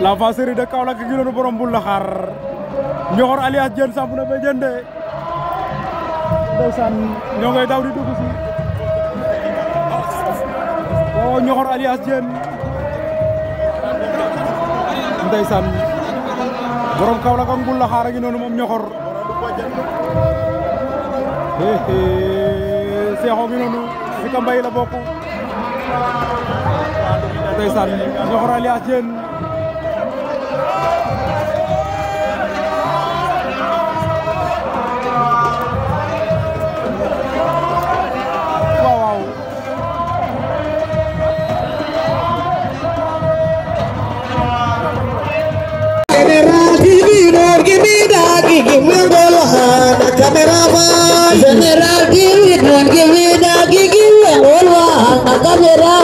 la vacherie de Kaolack gi doon borom bul la xaar Ñoxor alias Diène samp na ba jënde ndeysaan ñoo ngay daw di dugg si o oh, Ñoxor alias Diène ndeysaan borom Kaolack ak bul la xaar gi noonu moom Ñoxor seexoo gi si ka mbay la bokk ndeysaan Ñoxor alias Diène waaw waaw kamera gi bi